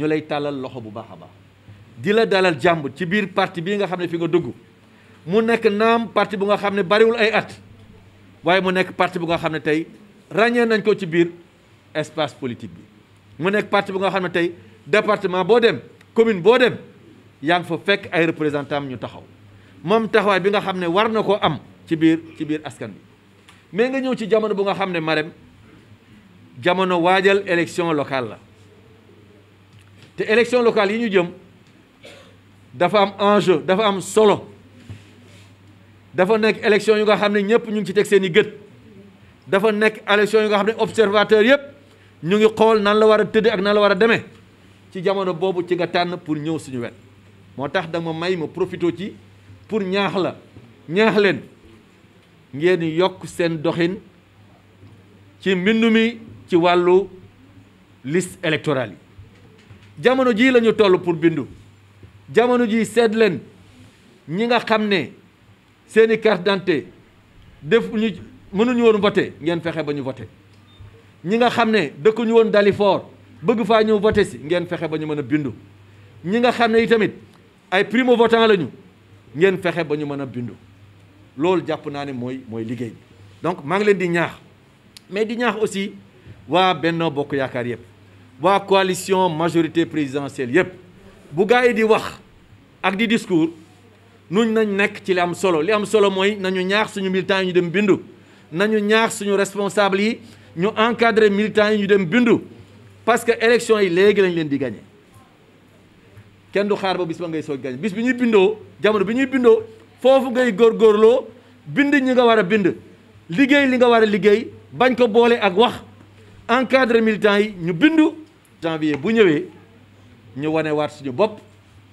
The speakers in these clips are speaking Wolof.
ñu lay tàllal loxo bu baax a baax di la dalal jàmbut ci biir parti bii nga xam ne fi nga dugg mu nekk naam parti bu nga xam ne bariwul ay at waaye mu nekk parti bu nga xam ne tey ràññee nañ ko ci biir espace politique bi mu nekk parti bu nga xam ne tey département boo dem commune boo dem yaa ngi fa fekk ay représentants ñu taxaw moom taxawaay bi nga xam ne war na koo am ci biir ci biir askan bi mais nga ñëw ci jamono bu nga xam ne Marème jamono waajal élection locale la te élection locale yi ñu jëm dafa am enjeu dafa am solo dafa nekk élection yu nga xam ne ñëpp ñu ngi ci teg seeni i gët dafa nekk élection yu nga xam ne observateur yëpp ñu ngi xool nan la war a tëdd ak nan la war a demee ci jamono boobu ci nga tànn pour ñëw suñu wet moo tax dama may ma profité ci pour ñaax la ñaax leen ngeen yokk seen doxin ci mbindu mi ci wàllu liste électorale yi jamono jii la ñu toll pour bindu jamono jii seet leen ñi nga xam ne seeni carte d'identité def ñu mënuñu woon voté ngeen fexe ba ñu voté ñi nga xam ne dëkkuñu woon Dalifort bëgg faa ñëw voté si ngeen fexe ba ñu mën a bindu ñi nga xam ne tamit ay primo votant lañu ngeen fexe ba ñu mën a bindu loolu jàpp naa ne mooy mooy liggéey donc maa ngi leen di ñaax mais di ñaax aussi waa bennoo Bokk Yaakaar yëpp waa coalition majorité présidentielle yépp bu gars yi di wax ak di discours nuñ nañ nekk ci li am solo li am solo mooy nañu ñaax suñu militants yi ñu dem bindu nañu ñaax suñu responsable yi ñu encadrer militants yi ñu dem bindu parce que élection yi léegi lañ leen di gagné kenn du xaar ba bis ba ngay soog gagné bis bi ñuy bindoo jamono bi ñuy bindoo foofu ngay góor góorloo bind ñi nga war a bind liggéey li nga war a liggéey bañ ko boolee ak wax encadrer militants yi ñu bindu janvier bu ñëwee ñu waat suñu bopp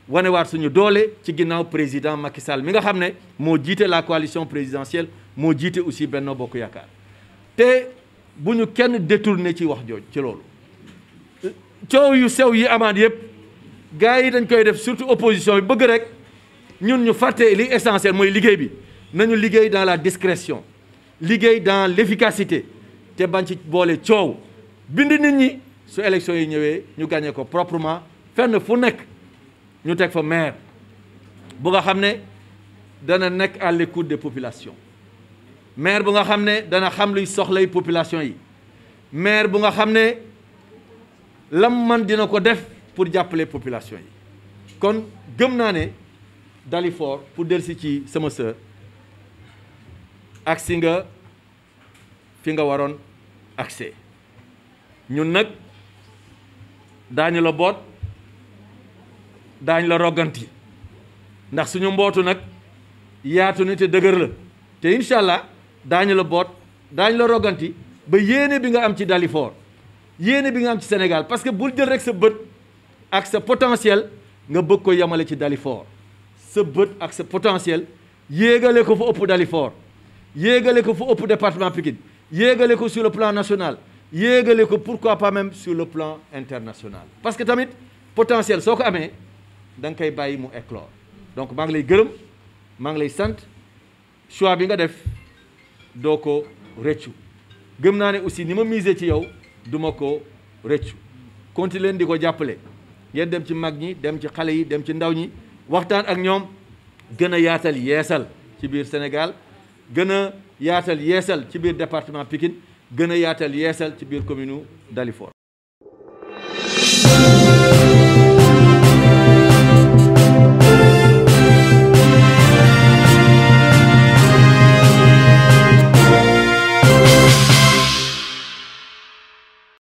wane wanewaat suñu doole ci ginnaaw président Macky Sall mi nga xam ne moo jiite la coalition présidentielle moo jiite aussi Benno Bokk Yaakaar te bu ñu kenn détourné ci wax jooj ci loolu coow yu sew yi amaat yëpp gars yi dañ koy def surtout opposition bi bëgg rek ñun ñu fàtte li essentiel mooy liggéey bi nañu liggéey dans la discrétion liggéey dans l'efficacité te bañ ci boole coow bind nit ñi su élection yi ñëwee ñu gagné ko proprement fenn fu nekk ñu teg fa maire bu nga xam ne dana nekk à l'écoute des maire bu nga xam ne dana xam luy soxlay population yi maire bu nga xam ne lam man dina ko def pour jàppale population yi kon gëm naa ne Dalifort pour delsi ci sama sœur agsi nga fi nga waroon accès ñun nag daañu la boot daañ la rogganti ndax suñu mbootu nag yaatu na te dëgër la te incha allah daañu la boot daañu la rogganti ba yéene bi nga am ci Dalifort yéene bi nga am ci Sénégal parce que bul jël rek sa bët ak sa potentiel nga bëgg ko yemale ci Dalifort sa bët ak sa potentiel yéegale ko fu ëpp Dalifort yéegale ko fu ëpp département Pikine yéegale ko sur le plan national yéegale ko pourquoi pas même sur le plan international parce que tamit potentiel soo ko amee danga koy bàyyi mu éclore donc maa ngi lay gërëm maa ngi lay sant choix bi nga def doo ko rëccu gëm naa ne aussi ni ma misé ci yow duma ko rëccu continuer leen di ko jàppale ngeen dem ci mag ñi dem ci xale yi dem ci ndaw ñi waxtaan ak ñoom gën a yaatal yeesal ci biir Sénégal gën a yaatal yeesal ci biir département Pikine gën a yaatal yeesal ci biir commune u Dalifort